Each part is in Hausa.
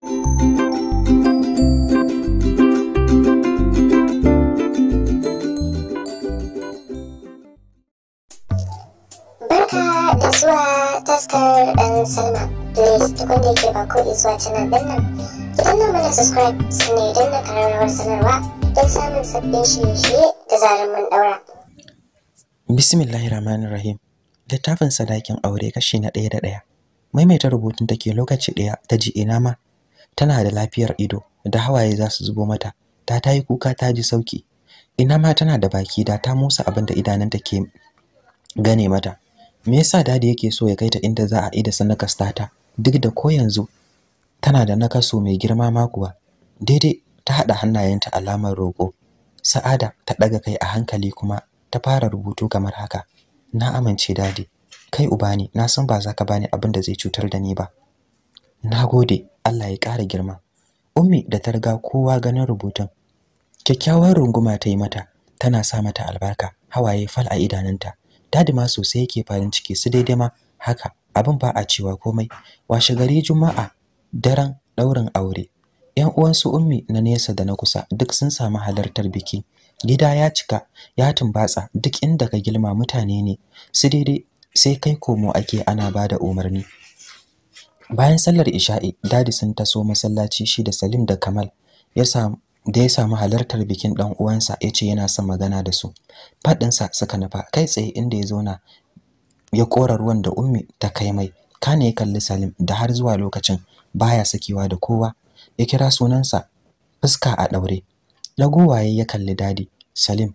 Barka da zuwa taskar ɗan Salma. Please duk wanda ba ko zuwa canal ɗin nan. Ki danna mana subscribe sannan ya danna ƙararrawar sanarwa don samun sabbin shirye-shirye da zarar mun ɗaura. Bismillahirrahmanirrahim. Littafin sadakin aure kashi na ɗaya da ɗaya. Maimaita rubutun take lokaci ɗaya ta ji ina ma tana da lafiyar ido da hawaye za su zubo mata ta tayi kuka ta ji sauki ina ma tana da baki da ta musa abin da idananta ke gane mata me yasa dadi yake so ya kai ta inda za a ida sanaka stata duk da ko yanzu tana da nakaso mai girma ma kuwa daidai ta hada hannayenta alamar roko sa'ada ta ɗaga kai a hankali kuma ta fara rubutu kamar haka na amince dadi kai uba ne na san ba za ka bani abin da zai cutar da ni ba Na gode. Allah ya ƙara girma ummi da ta riga kowa ganin rubutun kyakkyawar runguma ta yi mata tana sa mata albarka hawaye fal a idanunta Dadima sosai yake farin ciki su daidai ma haka abin ba a cewa komai washe gari juma'a daren ɗaurin aure yan uwansu ummi na nesa da na kusa duk sun samu halartar biki gida ya cika ya tumbatsa duk inda ka girma mutane ne su daidai sai kai komo ake ana bada umarni bayan sallar isha'i dadi sun taso masallaci shi da Salim da Kamal ya samu da ya samu halartar bikin dan uwansa ce yana son magana da su fadinsa suka nufa kai tsaye inda ya zauna ya kora ruwan da ummi ta kai mai kane ya kalli Salim da har zuwa lokacin baya sakewa da kowa ya kira sunansa fuska a daure lagowaye ya kalli dadi Salim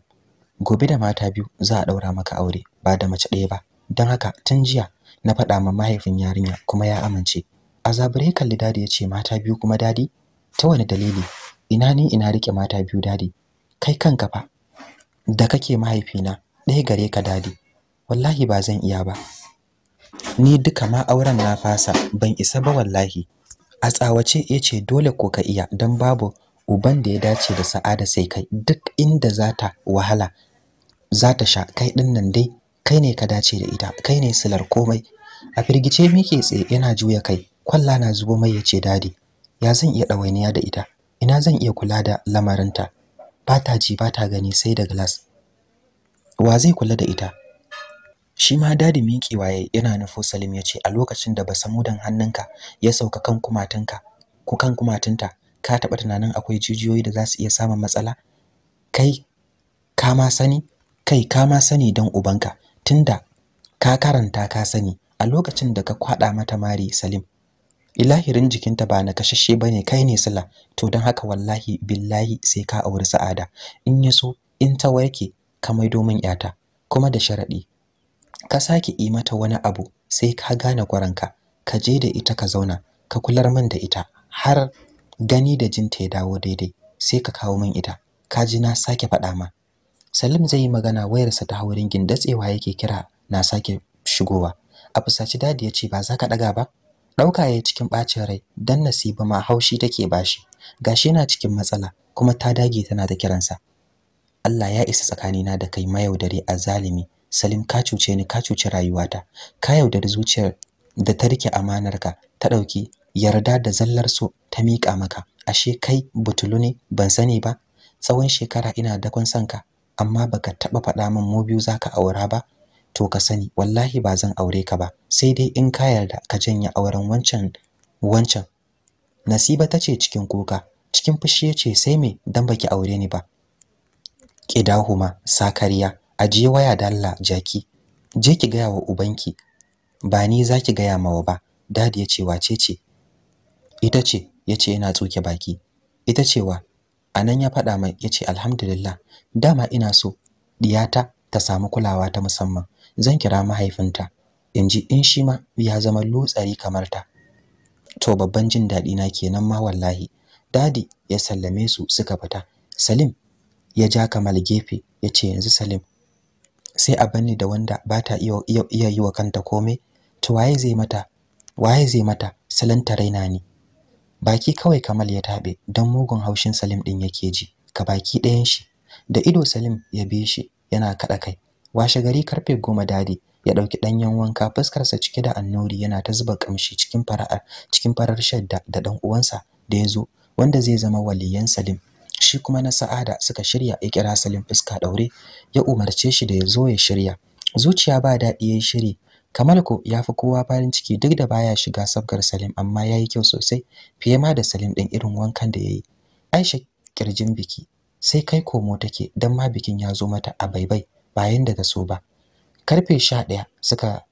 gobe da mata biyu za a daura maka aure ba da mace ɗaya ba don haka tun jiya na faɗa ma mahaifin yarinya kuma ya amince a zabure kalli dadi ya ce mata biyu kuma dadi ta wani dalili ina ni ina rike mata biyu dadi kai kanka fa da kake mahaifina ɗaya gare ka dadi wallahi ba zan iya ba ni duka ma auren na fasa ban isa ba wallahi a tsawace ya ce dole ko ka iya don babu uban da ya dace da sa'ada sai kai duk inda za ta wahala za ta sha kai ɗin nan dai kai ne ka dace da ita kai ne silar komai a firgice muke tsaye yana juya kai kwalla na zubo mai yace dadi ya zan iya ɗawainiya da ita ina zan iya kula da lamarinta ba ta ji ba ta gani sai da glass wa zai kula da ita shi ma dadi miƙewa waye yana nufo Salim ya ce a lokacin da dan hannunka ya sauka kan kumatunka ku kan kumatunta ka taɓa tunanin akwai jijiyoyi da za su iya samun matsala kai ka ma sani kai ka ma sani dan ubanka tunda ka karanta ka sani a lokacin da ka kwada mata mari Salim ilahirin jikinta ba na kashashe ne kai ne sila to don haka wallahi billahi sai ka auri sa'ada in ya so in ta warke ka maido min yata kuma da sharadi ka sake yi mata wani abu sai ka gane kwaranka ka je da ita ka zauna ka kular min da ita har gani da jinta ya dawo daidai sai ka kawo min ita ka ji na sake faɗa ma Salim zai yi magana wayarsa ta haurin gindatsewa yake kira na sake shigowa a fusaci dadi ya ce ba za ka ɗaga ba ɗauka ya cikin ɓacin rai don nasiba ma haushi take bashi gashi yana cikin matsala kuma ta dage tana da kiransa Allah ya isa tsakanina da kai mayaudari a zalimi Salim ka cuce ni ka cuce rayuwata ka yaudari zuciyar da ta rike amanarka ta ɗauki yarda da zallar so ta miƙa maka ashe kai butulu ne ban sani ba tsawon shekara ina dakon sanka amma baka taɓa faɗa min mu biyu zaka aura ba to ka sani wallahi ba zan aure ka ba sai dai in ka yarda ka janye auren wancan wancan Nasiba ta ce cikin kuka cikin fushi yace sai me dan baki aure ni ba Kidahuma sakariya ajiye waya da dalla jaki je ki gaya wa ubanki ba ni za ki gaya mawa ba dadi ya ce wace ce ita ce ya ce yana tsoke baki ita cewa anan ya faɗa mai ya ce alhamdulillah dama ina so diyata ta samu kulawa ta musamman zan kira mahaifinta in ji in shi ma ya zama lotsari kamar ta to babban jin daɗi na kenan ma wallahi dadi ya sallame su suka fita salim ya ja kamal gefe ya ce yanzu salim sai a banni da wanda ba ta iya yi wa kanta komai to waye zai mata waye zai mata salanta raina ne baki kawai kamal ya taɓe don mugun haushin salim ɗin yake ji ka baki ɗayan shi da ido salim ya bi shi yana kaɗa kai washe gari karfe goma dadi ya dauki danyen wanka fuskarsa cike da annori yana ta zuba kamshi cikin fara'a cikin farar shadda da dan uwansa da ya zo wanda zai zama waliyan Salim shi kuma na Sa'ada suka shirya ya kira Salim fuska daure ya umarce shi da ya zo ya shirya zuciya ba dadi yayin shiri kamar ko ya fi kowa farin ciki duk da baya shiga sabgar Salim amma yayi kyau sosai fiye ma da Salim ɗin irin wankan da yayi Aisha kirjin biki sai kai komo take dan ma bikin ya zo mata a baibai bayan daga so ba karfe 11 suka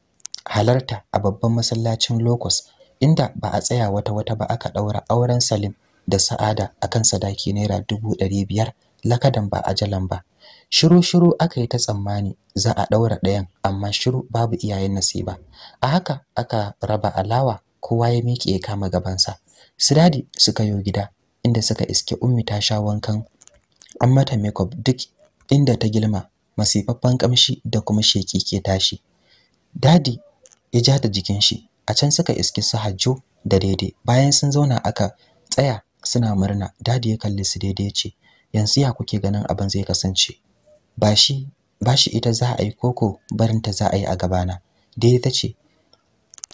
halarta a babban masallacin locus inda ba a tsaya wata wata ba aka daura auren Salim da Sa'ada a kan sadaki naira 500 lakadan ba a ajalan ba shiru shiru aka yi ta tsammani za a daura ɗayan amma shiru babu iyayen nasiba a haka aka raba alawa kowa ya miƙe ya kama gabansa sidadi suka yo gida inda suka iske ummi ta sha wankan an mata makeup duk inda ta gilma masifaffen kamshi da kuma sheki ke tashi dadi ya ja da jikin shi a can suka iske su hajjo da daidai bayan sun zauna aka tsaya suna murna dadi ya kalli su daidai ce yanzu ya kuke ganin abin zai kasance ba shi ba shi ita za a yi koko barinta za a yi a gabana daidai ta ce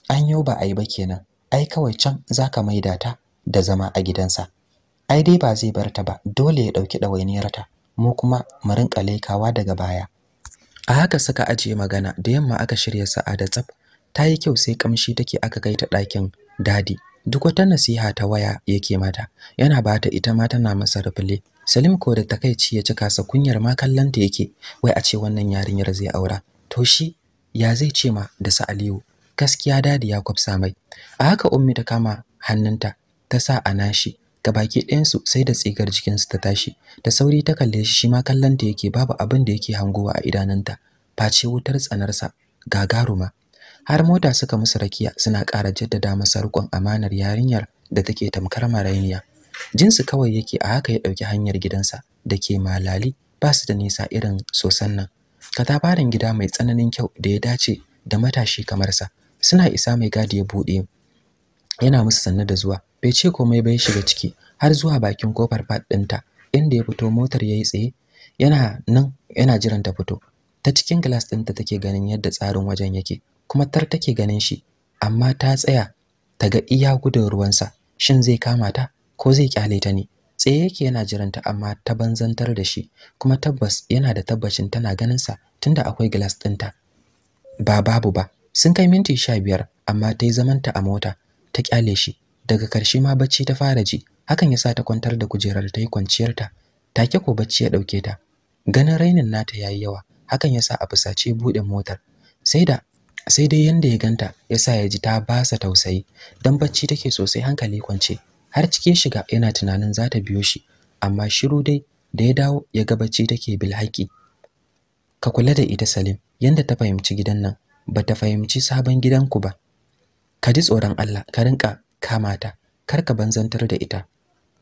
an yau ba a yi ba kenan ai kawai can za ka maida ta da zama a gidansa ai dai ba zai bar ta ba dole ya ɗauki ɗawainiyarta mu kuma mu rinka laikawa daga baya a haka suka ajiye magana da yamma aka shirya Sa'a da tsaf ta yi kyau sai kamshi take aka kai ta ɗakin dadi duk wata nasiha ta waya yake mata yana ba ta ita ma tana masa rufule Salim ko da takaici ya cika sa kunyar ma kallanta yake wai a ce wannan yarinyar zai aura to shi ya zai ce ma da sa Aliyu gaskiya dadi ya kwafsa mai a haka ummi ta kama hannunta ta sa a nashi Ga gabaki ɗayansu sai da tsigar jikinsu ta tashi da sauri ta kalle shi shima kallanta yake babu abin da yake hangowa a idanunta face wutar tsanarsa gagaruma har mota suka musu rakiya suna ƙara jaddada masa rikon amanar yarinyar da take tamkar marainiya jinsu kawai yake a haka ya ɗauki hanyar gidansa da ke malali ba su da nisa irin sosan nan katafaren gida mai tsananin kyau da ya dace da matashi kamar sa suna isa mai gadi ya buɗe yana musu sanne da zuwa bai ce komai ba ya shiga ciki har zuwa bakin kofar fat ɗinta inda ya fito motar yayi tsaye yana nan yana jiran ta fito ta cikin glass ɗinta take ganin yadda tsarin wajen yake kuma tar take ganin shi amma ta tsaya ta ga iya gudun ruwansa shin zai kama ta ko zai kyale ta ne tsaye yake yana jiranta amma ta banzantar da shi kuma tabbas yana da tabbacin tana ganin sa tunda akwai glass ɗinta ba babu ba sun kai minti 15 amma ta yi zamanta a mota ta kyale shi daga karshe ma bacci ta fara ji hakan yasa ta kwantar da kujerar ta yi kwanciyarta take ko bacci ya dauke ta ganin rainin nata yayi yawa hakan yasa a fusace bude motar sai da sai dai yanda ya ganta yasa ya ji ta ba sa tausayi dan bacci take sosai hankali kwance har cike shiga yana tunanin za ta biyo shi amma shiru dai da ya dawo ya ga bacci take bilhaki ka kula da ita Salim yanda ta fahimci gidan nan ba ta fahimci sabon gidanku ba ka ji tsoron Allah ka rinka kama ta kar ka banzantar da ita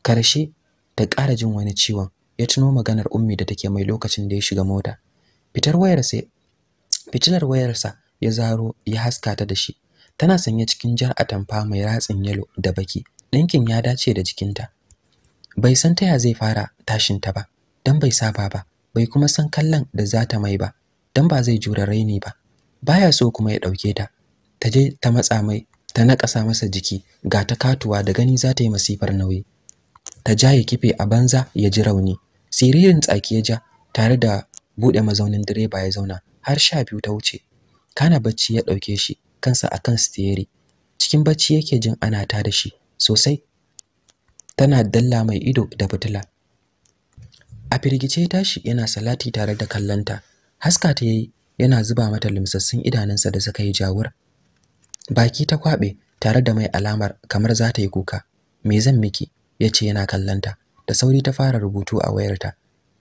karshe ta ƙara jin wani ciwon ya tuno maganar ummi da take mai lokacin da ya shiga mota fitar wayar sai fitilar wayarsa ya zaro ya haska ta da shi tana sanye cikin jar atamfa mai ratsin yalo da baki ɗinkin ya dace da jikinta bai san taya zai fara tashin ta ba dan bai saba ba bai kuma san kallon da za ta mai ba dan ba zai jura raini ba baya so kuma ya ɗauke ta ta je ta matsa mai ta na naƙasa masa jiki ga ta katuwa da gani za ta yi masifar nauyi ta ja ya kife a banza ya ji rauni siririn tsaki ya ja tare da buɗe mazaunin direba ya zauna har sha biyu ta wuce kana bacci ya ɗauke shi kansa a kan stiyeri cikin bacci yake jin ana ta da shi sosai tana dalla mai ido da fitila a firgice tashi yana salati tare da kallanta haska ta yi yana zuba mata limsassun idanunsa da suka yi jawar. baki ta kwabe tare da mai alamar kamar za ta yi kuka me zan miki yace yana kallanta da sauri ta fara rubutu a wayarta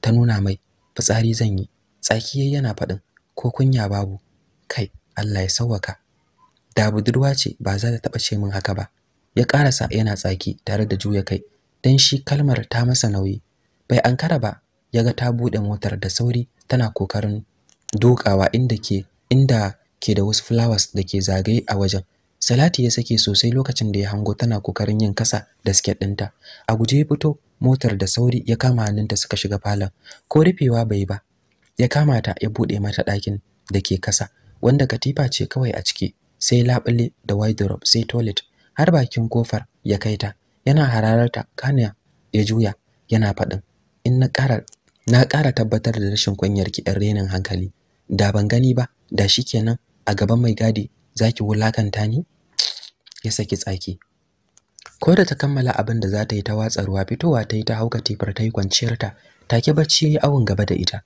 ta nuna mai fitsari zan yi tsaki yana faɗin ko kunya babu kai Allah ya sauwaka da budurwa ce ba za ta taɓa ce min haka ba ya ƙarasa yana tsaki tare da juya kai dan shi kalmar ta masa nauyi bai ankara ba Yaga ta buɗe motar da sauri tana kokarin dokawa inda ke inda ke da wasu flowers da ke zagaye a wajen salati ya sake sosai lokacin da ya hango tana kokarin yin kasa da sket ɗinta a guje ya fito motar da sauri ya kama hannunta suka shiga falon ko rufewa bai ba ya kama ta ya buɗe mata ɗakin da ke kasa wanda katifa ce kawai a ciki sai labule da wardrobe sai toilet har bakin kofar ya kai ta yana hararta kana ya juya yana faɗin in na ƙara na ƙara tabbatar da rashin kunyar ki ɗan renin hankali da ban gani ba da shikenan a gaban mai gadi za ki wulakanta ni ya saki tsaki ko da ta kammala abin da za ta yi ta watsa ruwa, fitowa ta yi ta hauka tifar ta yi kwanciyar ta take bacci ya yi awon gaba da ita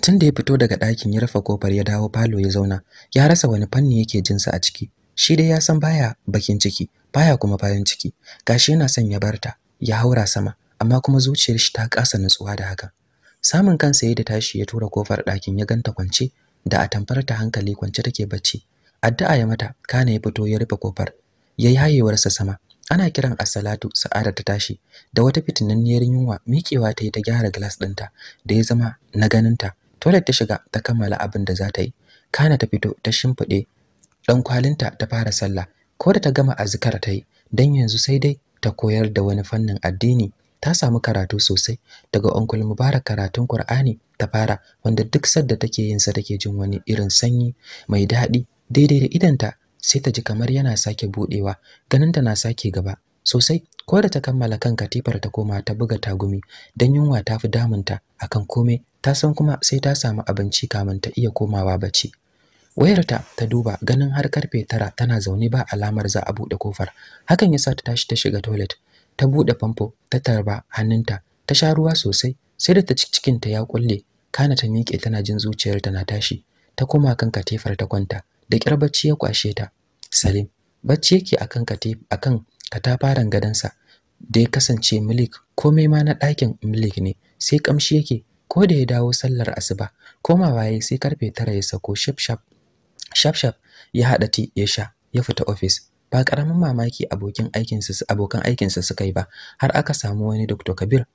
tun da ya fito daga ɗakin ya rufe kofar ya dawo falo ya zauna ya rasa wani fanni yake jinsa a ciki shi dai ya san baya bakin ciki baya kuma bayan ciki gashi yana son ya bar ta, ya haura sama amma kuma zuciyar shi ta kasa nutsuwa da haka samun kansa yayin da tashi ya tura kofar ɗakin ya ganta kwance da tamfar ta hankali kwance take bacci addu'a ya mata kana ya fito ya rufe kofar Ya yayi sa sama ana kiran assalatu sa'ada ta tashi da wata fitinanniyar yunwa miƙewa ta yi ta gyara glass ɗinta da ya zama na ganinta toilet ta shiga ta kammala abin da za ta yi kana ta fito ta shimfiɗe ɗan kwalinta ta fara sallah ko da ta gama azkar ta yi dan yanzu sai dai ta koyar da wani fannin addini ta samu karatu sosai daga onkul Mubarak karatun Kur'ani ta fara wanda duk sadda take yin sa take jin wani irin sanyi mai daɗi daidai da idanta sai ta ji kamar yana sake ganin ganinta na sake gaba sosai ko da ta kammala kan katifar ta koma ta buga tagumi dan yunwa ta fi damunta akan komai ta san kuma sai ta samu abinci kamin ta iya komawa bacci wayarta ta duba ganin har karfe tara tana zaune ba alamar za a buɗe kofar hakan ya sa ta tashi ta shiga toilet ta buɗe famfo ta tarba hannunta ta sha ruwa sosai sai da ta ci cikinta ya kulle kana ta miƙe tana jin zuciyarta na tashi ta koma kan katifar ta kwanta da kyar bacci ya kwashe ta Salim bacci yake akan katif akan katafaren gadansa da ya kasance milik komai ma na ɗakin milik ne sai kamshi yake ko da ya dawo sallar asuba koma waye sai karfe tara ya sako shap shap shap shap ya haɗa ti ya sha ya fita ofis ba karamin mamaki abokin aikinsa abokan aikinsa suka yi ba har aka samu wani Dr. Kabir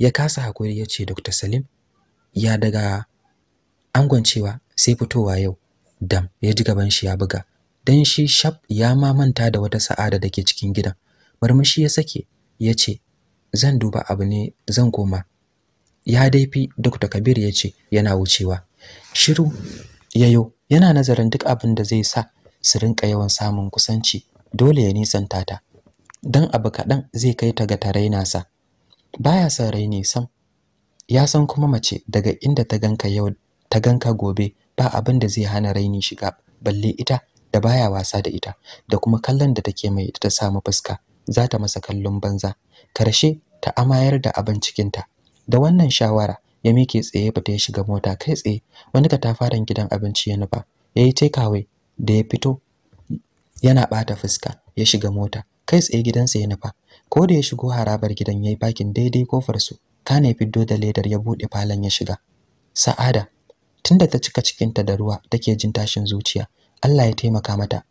ya kasa hakuri ya ce Dr. Salim ya daga angon cewa sai fitowa yau dam ya ji gaban shi ya buga dan shi shaf ya ma manta da wata sa'ada dake cikin gidan murmushi ya sake ya ce zan duba abu ne zan koma ya daifi Dr. Kabir ya ce yana wucewa shiru yayo yana nazarin duk abin da zai sa su rinka yawan samun kusanci dole ya nisanta ta Don abu kaɗan zai kai ta ga taraina sa baya son raini sam ya san kuma mace daga inda ta ganka yau ta ganka gobe ba abin da zai hana raini shiga balle ita da baya wasa da ita da kuma kallon da take mai ta samu fuska za ta masa kallon banza karshe ta amayar da abin cikinta da wannan shawara ya mike tsaye fita ya shiga mota kai tsaye wani katafaren gidan abinci ya nufa ya yi da ya fito yana bata fuska ya shiga mota kai tsaye gidansa ya nufa ko da ya shigo harabar gidan yayi bakin daidai kofar su kana fiddo da ledar ya bude falon ya shiga sa'ada tunda ta cika cikin ta da ruwa take jin tashin zuciya Allah ya taimaka mata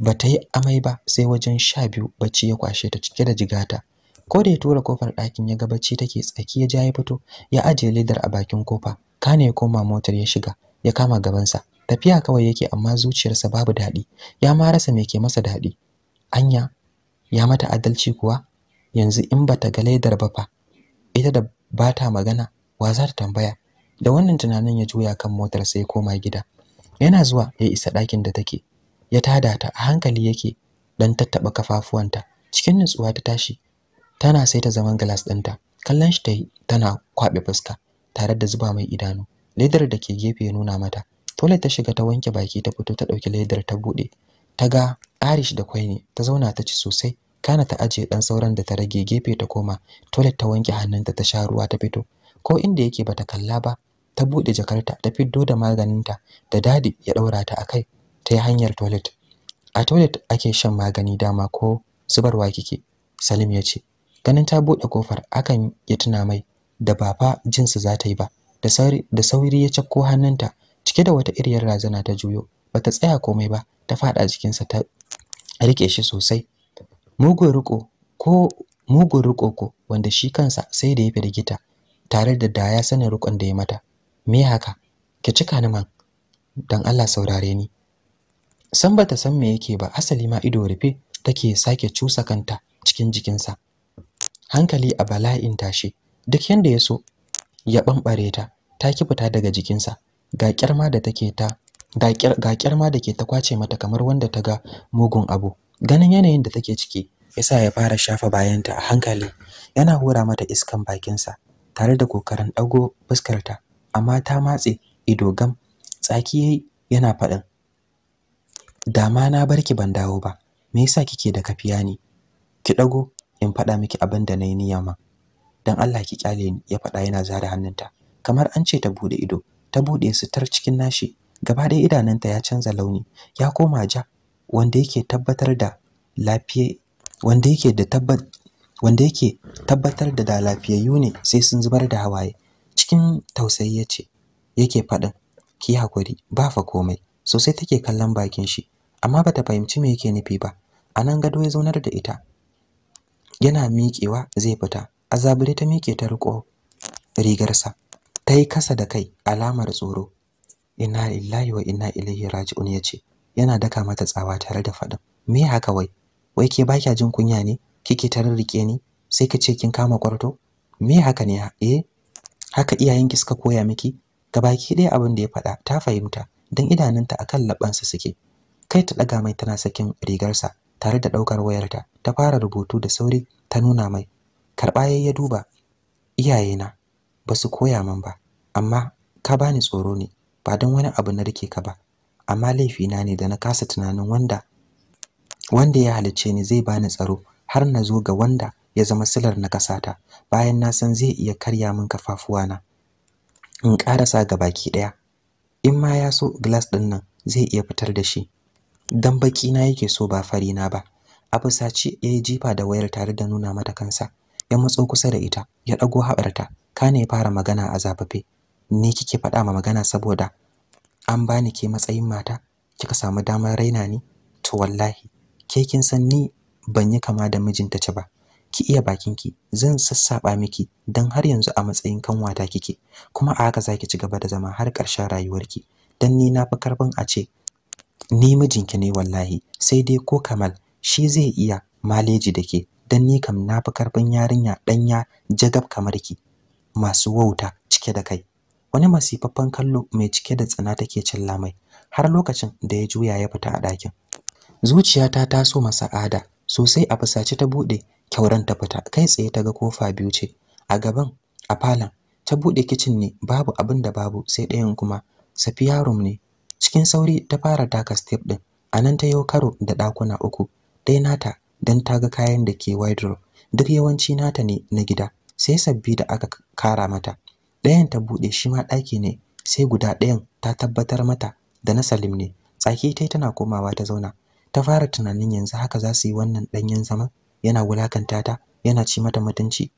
ba ta yi amai ba sai wajen sha biyu bacci ya kwashe ta cike da jigata ko da ya tura kofar ɗakin ya ga bacci take tsaki ya ja ya fito ya ajiye ledar a bakin kofa kane ya koma motar ya shiga ya kama gabansa tafiya kawai yake amma zuciyarsa babu daɗi ya ma rasa me ke masa daɗi anya ya mata adalci kuwa yanzu in bata ga laidar ba fa ita da bata magana wa za ta tambaya da wannan tunanin ya juya kan motar sai koma gida yana zuwa ya isa ɗakin da take ya tada ta a hankali yake dan tattaba kafafuwanta cikin nutsuwa ta tashi tana sai ta zaman glass ɗinta kallon shi yi tana kwaɓe fuska tare da zuba mai idanu ledar da ke gefe ya nuna mata toilet ta shiga ta wanke baki ta fito ta ɗauki ledar ta buɗe. ta ga arish da kwai ne ta zauna ta ci sosai kana ta aje ɗan sauran da ta rage gefe ta koma toilet ta wanke hannunta ta sha ruwa ta fito ko inda yake bata kalla ba ta buɗe jakarta ta fiddo da maganinta da dadi ya daura ta akai ta yi hanyar toilet a toilet ake shan magani dama ko zubarwa kike Salim ya ce ganin ta bude kofar akan ya tuna mai da ba fa jinsu za ta yi ba da sauri ya cakko hannunta cike da wata iriyar razana ta juyo bata tsaya komai ba ta fada jikinsa ta rike shi sosai mugun riko ko mugun riko ko wanda shi kansa sai da ya firgita tare da ya sanin rikon da ya mata me haka ki cika ni man dan Allah saurare ni san bata san me yake ba asali ma ido rufe take sake cusa kanta cikin jikinsa hankali a bala'in tashi duk yanda ya so ya bambare ta ta ki fita daga jikinsa ga kyarma da take ta ga kyarma da ke ta kwace mata kamar wanda ta ga mugun abu ganin yanayin da take ciki yasa ya fara shafa bayanta a hankali yana hura mata iskan bakinsa tare da kokarin dago fuskarta amma ta matse ido gam tsaki yana faɗin dama na barki ban dawo ba me yasa kike da kafiya ne ki dago in faɗa miki abin da nayi niyya ma dan Allah ki kyale ni ya faɗa yana zare hannunta kamar an ce ta bude ido ta buɗe sitar cikin nashi gaba ɗaya idanunta ya canza launi ya koma ja wanda yake tabbatar da lafiye wanda yake da tabbat wanda yake tabbatar da lafiyayyu ne sai sun zubar da hawaye cikin tausayi yace yake faɗin ki hakuri ba fa komai sosai take kallon bakin shi amma bata fahimci me yake nufi ba anan gado ya zaunar da ita yana miƙewa zai fita azabure ta miƙe ta riƙo rigarsa ta yi kasa da kai alamar tsoro ina lillahi wa ina ilaihi raji'un yace yana daka mata tsawa tare da faɗin me haka wai wai ke baki jin kunya ne kike rike ni sai ka ce kin kama kwarto me haka ne eh haka iyayenki suka koya miki gabaki ɗaya abin da ya faɗa ta fahimta dan idanunta a kan labansa suke kai ta ɗaga mai tana sakin rigarsa tare da ɗaukar wayarta ta fara rubutu da sauri ta nuna mai karba ya duba iyayena ba su koya min ba amma ka bani tsoro ne ba don wani abu na rike ka ba amma laifi na ne da na kasa tunanin wanda wanda ya halicce ni zai bani tsaro har na zo ga wanda ya zama silar na kasata bayan na san zai iya karya min kafafuwana in karasa ga baki ɗaya. in ma ya so glass din nan zai iya fitar da shi dan baki na yake so ba fari na ba a fusaci ya yi jifa da wayar tare da nuna mata kansa ya matso kusa da ita ya dago haɓarta kana ya fara magana a zafafe ni kike faɗa ma magana saboda an bani ke matsayin mata kika samu damar raina ni to wallahi ke kin san ni ban yi kama da mijinta ce ba ki iya bakin ki, zan sassaɓa miki dan har yanzu a matsayin kanwata kike kuma a haka zaki ci gaba da zama har ƙarshen rayuwarki dan ni na fi karfin a ce ni mijinki ne wallahi sai dai ko Kamal shi zai iya maleji da ke dan ni kam na fi karfin yarinya danya jagab kamar ki masu wauta cike da kai wani masifaffen kallo mai cike da tsana take cin lamai har lokacin da ya juya ya fita a dakin zuciyata ta so masa ada sosai a fusace ta bude kyauran ta fita kai tsaye ta ga kofa biyu ce a gaban a falon ta bude kitchen ne babu abin da babu sai ɗayan kuma safiya room ne cikin sauri ta fara taka step din anan ta yau karo da ɗakuna uku dai nata don ta ga kayan da ke wardrobe duk yawanci nata ne na gida sai sabbi da aka kara mata ɗayan ta buɗe shi ma ɗaki ne sai guda ɗayan ta tabbatar mata da na Salim ne tsaki tai tana komawa ta zauna ta fara tunanin yanzu haka za su yi wannan ɗanyen zama yana wulakanta ta yana ci mata mutunci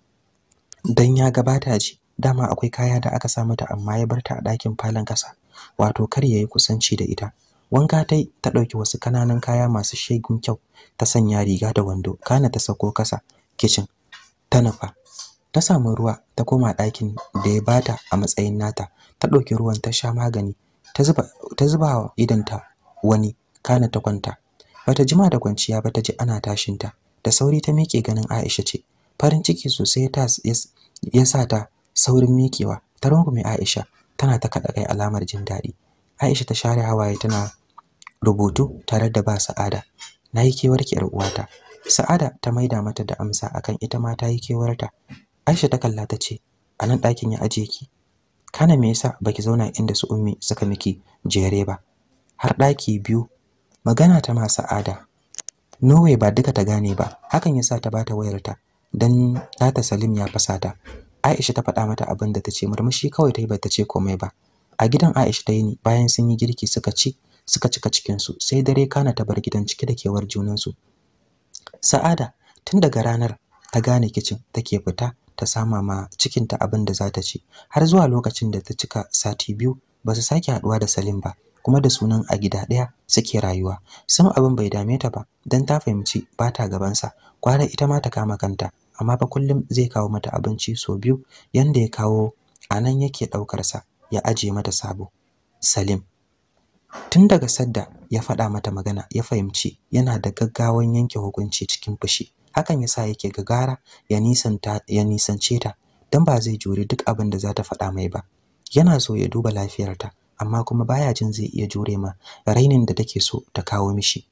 Don ya gabata ji dama akwai kaya da aka sa mata amma ya bar ta a ɗakin falon ƙasa wato kar ya yi kusanci da ita wanka ta ta ɗauki wasu kananan kaya masu shegun kyau ta sanya riga da wando kana ta sako kasa kicin ta nufa ta samu ruwa ta koma ɗakin da ya bata a matsayin nata ta ɗauki ruwan ta sha magani ta zuba ta wa idanta wani kana ta kwanta bata jima da kwanciya ba ta ji ana tashinta. da sauri ta miƙe ganin Aisha ce farin ciki sosai ta ya sa ta saurin miƙewa ta rungume Aisha tana ta kaɗa kai alamar jin daɗi Aisha ta share hawaye tana rubutu tare da ba Sa'ada. Na yi kewar ki uwata. Sa'ada ta maida mata da amsa akan ita ma ta yi kewarta. Aisha ta kalla ta ce, "A nan ɗakin ya aje ki." Kana me yasa baki zauna inda su Ummi suka miki jere ba? Har ɗaki biyu. Magana ta ma Sa'ada. Norway ba duka ta gane ba. Hakan yasa ta bata wayarta dan tata Salim ya fasata. Aisha ta faɗa mata abin da ta ce, murmushi kawai ta yi ta ce komai ba. a gidan Aisha ta yini bayan sun yi girki suka ci suka cika cikin su sai dare kana ta bar gidan cike da kewar junansu sa'ada tun daga ranar ta gane kicin take fita ta sama ma cikin ta abin da za ta ci har zuwa lokacin da ta cika sati biyu ba su sake haduwa da Salim ba kuma da sunan a gida ɗaya suke rayuwa sam abin bai dame ta ba don ta fahimci ba ta gabansa kwara ita ma ta kama kanta amma fa kullum zai kawo mata abinci sau biyu yanda ya kawo a nan yake ɗaukarsa ya aje mata sabo Salim tun daga sadda ya faɗa mata magana ya fahimci yana da gaggawan yanke hukunci cikin fushi hakan yasa yake gagara ya nisanta ya nisance ta dan ba zai jure duk abin da za ta faɗa mai ba yana so ya duba lafiyarta amma kuma baya jin zai iya jure ma rainin da take so ta kawo mishi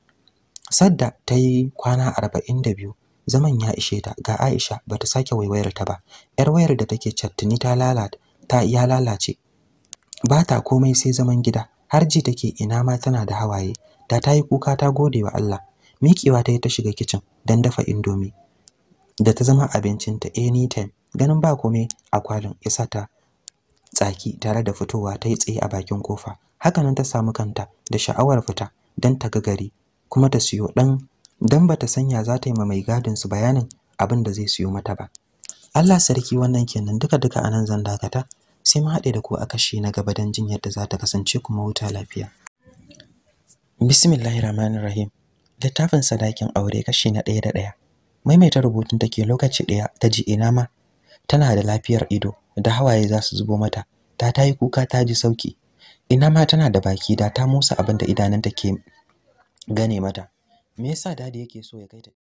sadda ta yi kwana 42 zaman ya ishe ta ga Aisha bata sake waiwayar ta ba yar wayar da take chat ta lalata ta ya lalace ba ta komai sai zaman gida har ji take ina ma tana da hawaye da ta yi kuka ta gode wa Allah miƙewa ta yi ta shiga kicin don dafa indomi da ta zama abincinta anytime ganin ba komai a kwalin isa ta tsaki tare da fitowa ta yi tsaye a bakin kofa Haka nan ta samu kanta da sha'awar fita don ta ga gari kuma ta siyo don dan bata sanya za ta yi ma mai gadin su bayanin abin da zai siyo mata ba Allah sarki wannan kenan duka duka anan zan dakata sai mu haɗe da ku a kashi na gaba don jin yadda za ta kasance kuma wuta lafiya bismillahir rahmanir rahim littafin sadakin aure kashi na ɗaya da ɗaya maimaita rubutun take lokaci ɗaya ta ji ina ma tana da lafiyar ido da hawaye za su zubo mata ta tayi kuka ta ji sauki ina ma tana da baki da ta musa abin da idanunta ke gane mata me yasa dadi yake so ya kai ta